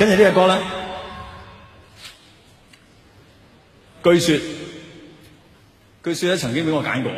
跟住呢個歌咧，據說據說咧曾經俾我揀過，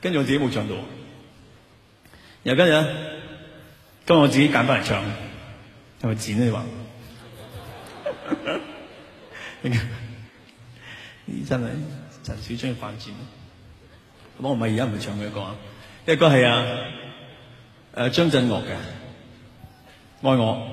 跟住我自己冇唱到，又跟住咧，今日我自己揀翻嚟唱，係咪剪咧你話？真 係陳小春要犯賤，我唔係而家唔係唱佢嘅歌，呢個歌係啊。啊，呢個歌係誒張震嶽嘅《愛我》。